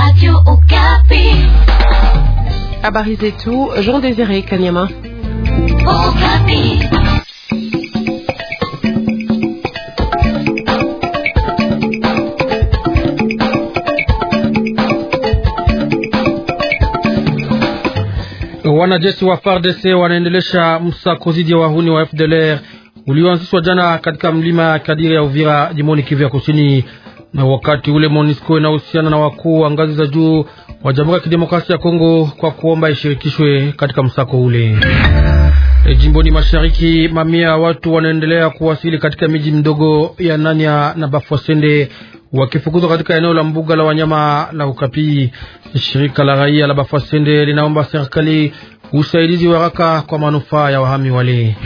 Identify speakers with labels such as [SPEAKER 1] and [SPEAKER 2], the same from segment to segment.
[SPEAKER 1] Radio Okapi.
[SPEAKER 2] Habari tout' Jean Désiré Kanyama.
[SPEAKER 3] na wakati ule MONUSCO inahusiana na wakuu wa ngazi za juu wa Jamhuri ya Kidemokrasia ya Kongo kwa kuomba ishirikishwe katika msako ule. E, jimboni mashariki mamia ya watu wanaendelea kuwasili katika miji midogo ya Nanya na Bafwasende wakifukuzwa katika eneo la mbuga la wanyama la Ukapi. Shirika la raia la Bafwasende linaomba serikali usaidizi wa haraka kwa manufaa ya wahami wale.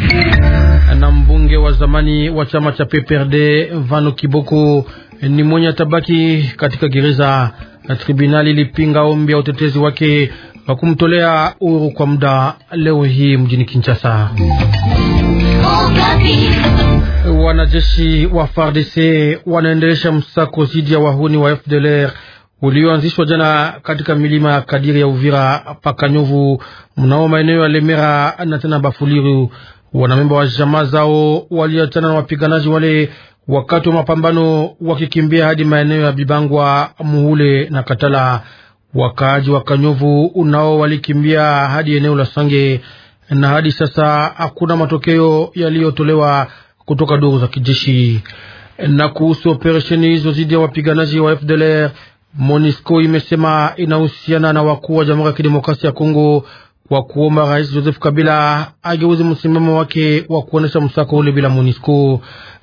[SPEAKER 3] Na mbunge wa zamani wa chama cha PPRD Vano Kiboko ni mwenye atabaki katika gereza, na tribunali ilipinga ombi ya utetezi wake wa kumtolea uhuru kwa muda leo hii mjini Kinshasa. wanajeshi wa FARDC wanaendelesha msako dhidi ya wahuni wa FDLR ulioanzishwa jana katika milima ya kadiri ya Uvira Pakanyovu, mnao maeneo ya Lemera na tena Bafuliru. Wanamemba wa jamaa zao waliachana na wapiganaji wale wakati wa mapambano wakikimbia hadi maeneo ya Bibangwa, Muhule na Katala. Wakaaji wa Kanyovu nao walikimbia hadi eneo la Sange, na hadi sasa hakuna matokeo yaliyotolewa kutoka duru za kijeshi. Na kuhusu operesheni hizo dhidi ya wapiganaji wa FDLR, MONUSCO imesema inahusiana na wakuu wa Jamhuri ya Kidemokrasia ya Kongo kwa kuomba Rais Joseph Kabila ageuze msimamo wake wa kuonesha msako ule bila MONUSCO.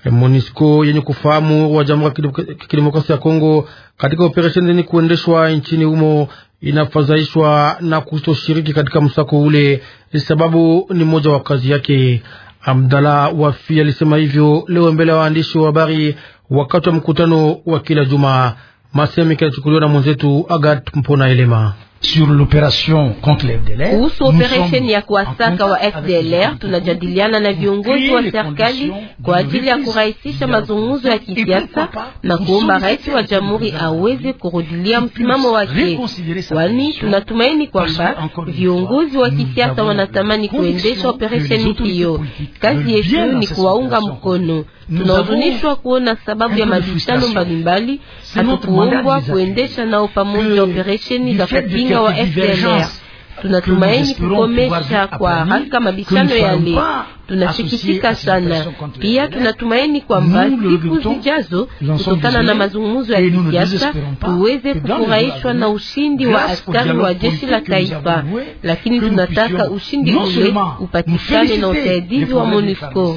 [SPEAKER 3] MONUSCO yenye kufahamu wa Jamhuri ya Kidemokrasia ya Kongo katika operesheni zenye kuendeshwa nchini humo inafadhaishwa na kutoshiriki katika msako ule, sababu ni moja wa kazi yake. Abdalla Wafi alisema hivyo leo mbele ya waandishi wa habari wakati wa mkutano wa kila juma. Masemi kinachukuliwa na mwenzetu Agat Mpona Elema.
[SPEAKER 4] Sur l'opération contre le FDLR.
[SPEAKER 3] Kuhusu operesheni
[SPEAKER 1] ya kuwasaka wa FDLR tunajadiliana na viongozi wa serikali kwa ajili ya kurahisisha mazungumzo ya kisiasa na kuomba rais wa jamhuri aweze kurudilia msimamo wake, kwani tunatumaini kwamba viongozi wa kisiasa wanatamani kuendesha operesheni hiyo. Kazi yetu ni kuwaunga mkono. Tunahuzunishwa kuona sababu ya mabishano mbalimbali hatukuombwa kuendesha nao pamoja operesheni za kupinga mwenendo wa FDLR. Tunatumaini kukomesha kwa haraka mabishano yale. Tunasikitika sana pia, tunatumaini kwamba siku zijazo, kutokana na mazungumzo ya kisiasa, tuweze kufurahishwa na ushindi wa askari wa jeshi la taifa, lakini tunataka ushindi ule upatikane na usaidizi wa MONUSCO.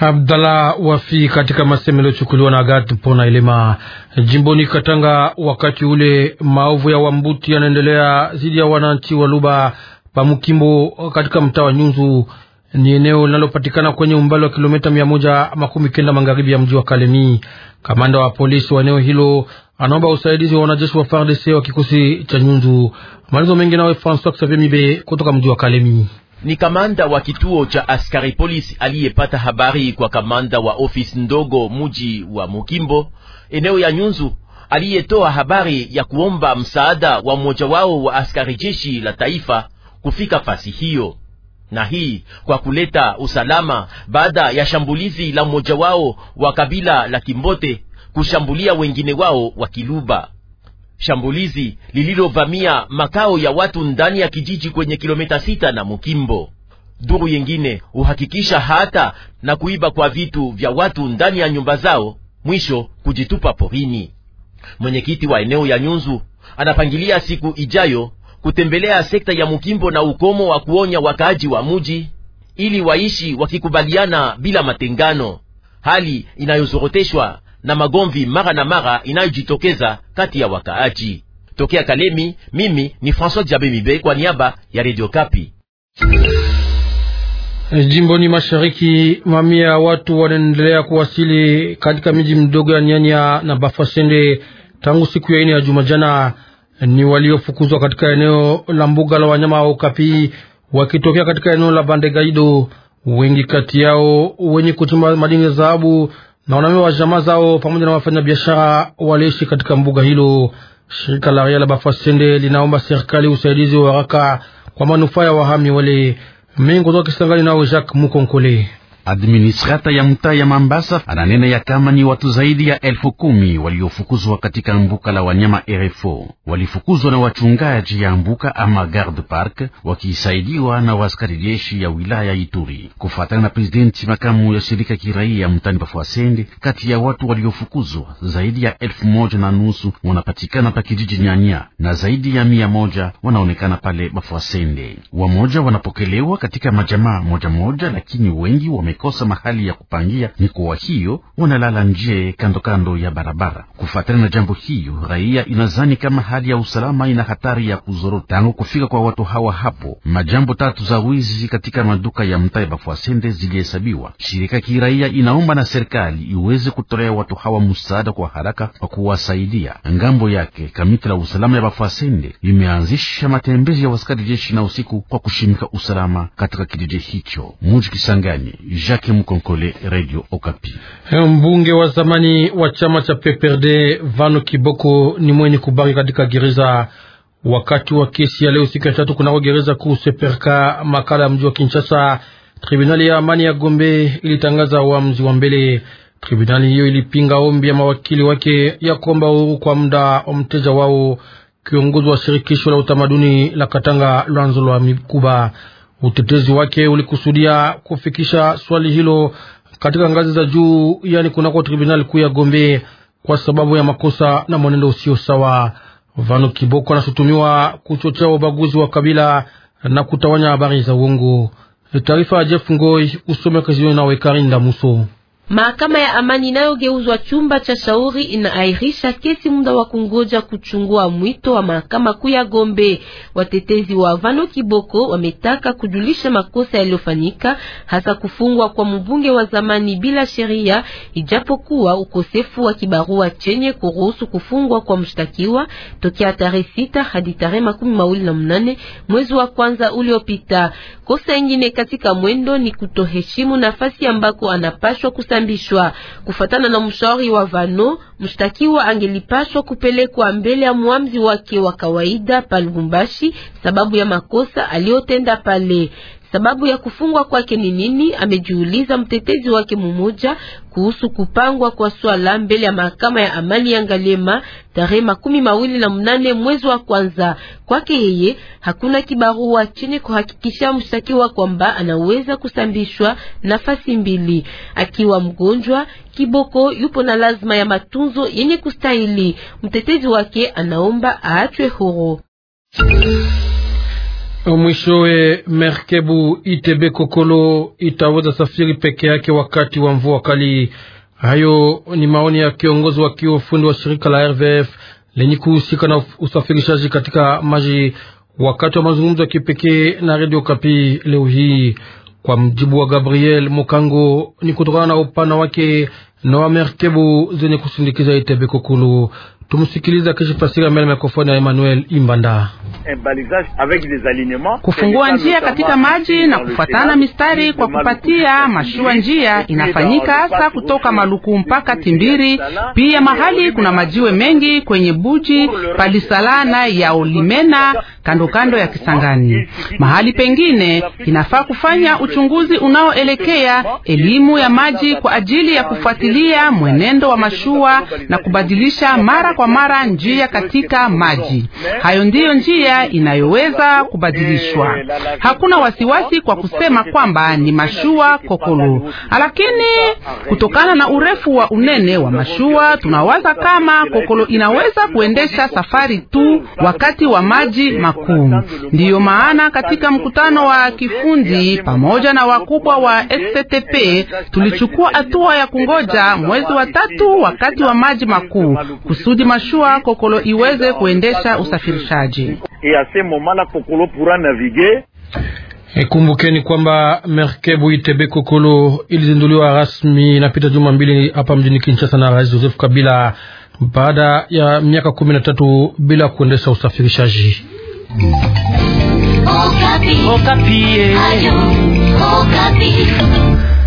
[SPEAKER 3] Abdala Wafi katika masemo yaliyochukuliwa na Agat Pona Elema jimboni Katanga. Wakati ule maovu ya Wambuti yanaendelea dhidi ya wananchi wa Luba Pamukimbo katika mtaa wa Nyunzu, ni eneo linalopatikana kwenye umbali wa kilomita mia moja makumi kenda magharibi ya mji wa Kalemi. Kamanda wa polisi wa eneo hilo anaomba usaidizi wa wanajeshi wa FARDC wa kikosi cha Nyunzu. Maelezo mengi nawe François
[SPEAKER 5] Xavier Mibe kutoka mji wa Kalemi. Ni kamanda wa kituo cha askari polisi aliyepata habari kwa kamanda wa ofisi ndogo muji wa Mukimbo eneo ya Nyunzu aliyetoa habari ya kuomba msaada wa mmoja wao wa askari jeshi la taifa kufika fasi hiyo, na hii kwa kuleta usalama baada ya shambulizi la mmoja wao wa kabila la Kimbote kushambulia wengine wao wa Kiluba shambulizi lililovamia makao ya watu ndani ya kijiji kwenye kilomita sita na Mukimbo. Duru yengine uhakikisha hata na kuiba kwa vitu vya watu ndani ya nyumba zao, mwisho kujitupa porini. Mwenyekiti wa eneo ya Nyunzu anapangilia siku ijayo kutembelea sekta ya Mukimbo na ukomo wa kuonya wakaaji wa muji ili waishi wakikubaliana bila matengano, hali inayozoroteshwa na magomvi mara na mara inayojitokeza kati ya wakaaji. Tokea Kalemi, mimi ni François Jabe Mibe kwa niaba ya Radio Kapi.
[SPEAKER 3] Jimboni mashariki, mamia ya watu wanaendelea kuwasili katika miji mdogo ya Nyanya na Bafasende tangu siku ya ine ya Jumajana. Ni waliofukuzwa katika eneo la mbuga la wanyama wa Kapi wakitokea katika eneo la Bandegaido, wengi kati yao wenye kuchimba madini ya dhahabu na wanaume wa jamaa zao pamoja na wafanyabiashara waliishi katika mbuga hilo. Shirika la raia la bafasende linaomba serikali usaidizi wa haraka kwa manufaa ya wahami wale. Mengo toka Kisangani, nao Jacques Mukonkole.
[SPEAKER 4] Administrata ya mtaa ya Mambasa ananena ya kama ni watu zaidi ya elfu kumi waliofukuzwa katika mbuka la wanyama RFO. Walifukuzwa na wachungaji ya mbuka ama garde park, wakisaidiwa na waskari jeshi ya wilaya Ituri, kufuatana na presidenti makamu ya shirika kiraia mtani Pafuasende. Kati ya watu waliofukuzwa zaidi ya elfu moja na nusu wanapatikana pa kijiji Nyanya na zaidi ya mia moja wanaonekana pale Pafuasende. Wamoja wanapokelewa katika majamaa moja moja, lakini wengi wame wamekosa mahali ya kupangia, ni kwa hiyo wanalala nje kando kando ya barabara. Kufuatana na jambo hiyo, raia inazani kama hali ya usalama ina hatari ya kuzorota. Tangu kufika kwa watu hawa hapo, majambo tatu za wizi katika maduka ya mtaa ya Bafuasende zilihesabiwa. Shirika kiraia inaomba na serikali iweze kutolea watu hawa msaada kwa haraka kwa kuwasaidia. Ngambo yake kamiti la usalama ya Bafuasende imeanzisha matembezi ya waskari jeshi na usiku kwa kushimika usalama katika kijiji hicho. Muji Kisangani Jacques Mkonkole, Radio Okapi.
[SPEAKER 3] Mbunge wa zamani wa chama cha PPRD Vano Kiboko ni mwenye kubaki katika gereza wakati wa kesi ya leo siku ya tatu kunako gereza kuu Seperka makala ya mji wa Kinshasa. Tribunali ya amani ya Gombe ilitangaza uamuzi wa mbele. Tribunali hiyo ilipinga ombi ya mawakili wake ya kuomba uhuru kwa muda wa mteja wao, kiongozi wa shirikisho la utamaduni la Katanga Lwanzo Lwa Mikuba. Utetezi wake ulikusudia kufikisha swali hilo katika ngazi za juu, yani kunako tribunali kuu ya Gombe kwa sababu ya makosa na mwenendo usio sawa. Vano Kiboko anashutumiwa kuchochea ubaguzi wa kabila na kutawanya habari za uongo. Taarifa ya Jeff Ngoi usome Kazinawekarinda Muso.
[SPEAKER 1] Mahakama ya amani inayogeuzwa chumba cha shauri inaahirisha kesi muda wa kungoja kuchungua mwito wa mahakama kuu ya Gombe. Watetezi wa Vano Kiboko wametaka kujulisha makosa yaliyofanyika, hasa kufungwa kwa mbunge wa zamani bila sheria, ijapokuwa ukosefu wa kibarua chenye kuruhusu kufungwa kwa mshtakiwa tokea tarehe sita hadi tarehe makumi mawili na mnane mwezi wa kwanza uliopita. Kosa ingine katika mwendo ni kutoheshimu nafasi ambako anapashwa kusa kutambishwa. Kufatana na mshauri wa Vano, mshtakiwa angelipaswa kupelekwa mbele ya mwamzi wake wa kawaida pa Lubumbashi sababu ya makosa aliyotenda pale. Sababu ya kufungwa kwake ni nini? Amejiuliza mtetezi wake mmoja kuhusu kupangwa kwa swala mbele ya mahakama ya amani ya Ngalema tarehe makumi mawili na mnane mwezi wa kwanza. Kwake yeye hakuna kibarua chini kuhakikisha mshtakiwa kwamba anaweza kusambishwa nafasi mbili. Akiwa mgonjwa, Kiboko yupo na lazima ya matunzo yenye kustahili. Mtetezi wake anaomba aachwe huru.
[SPEAKER 3] Mwishowe merkebu Itebe Kokolo itaweza safiri peke yake wakati wa mvua kali. Hayo ni maoni ya kiongozi wa kiufundi wa shirika la RVF lenye kuhusika na usafirishaji katika maji wakati wa mazungumzo ya kipekee na Radio Kapi leo hii. Kwa mjibu wa Gabriel Mukango, ni kutokana na upana wake na wa merkebu zenye kusindikiza Itebe Kokolo. Tumsikiliza kisha fasira mbele mikrofoni ya Emmanuel Imbanda.
[SPEAKER 5] Eh,
[SPEAKER 4] Kufungua njia katika maji na kufatana
[SPEAKER 2] mistari kwa kupatia mashua njia inafanyika hasa kutoka Maluku mpaka Timbiri. Pia mahali kuna majiwe mengi kwenye Buji, Palisalana ya Olimena, kando kando ya Kisangani. Mahali pengine inafaa kufanya uchunguzi unaoelekea elimu ya maji kwa ajili ya kufuatilia mwenendo wa mashua na kubadilisha mara kwa kwa mara njia katika maji. Hayo ndiyo njia inayoweza kubadilishwa. Hakuna wasiwasi kwa kusema kwamba ni mashua kokolo, lakini kutokana na urefu wa unene wa mashua tunawaza kama kokolo inaweza kuendesha safari tu wakati wa maji makuu. Ndiyo maana katika mkutano wa kifundi pamoja na wakubwa wa STTP tulichukua hatua ya kungoja mwezi wa tatu wakati wa maji makuu kusudi mashua kokolo iweze kuendesha usafirishaji.
[SPEAKER 3] Ikumbukeni e, kwamba merkebu Itebe Kokolo ilizinduliwa rasmi inapita juma mbili hapa mjini Kinshasa na Rais Joseph Kabila baada ya miaka kumi na tatu bila kuendesha usafirishaji.
[SPEAKER 1] Okapi. Okapi. Eh.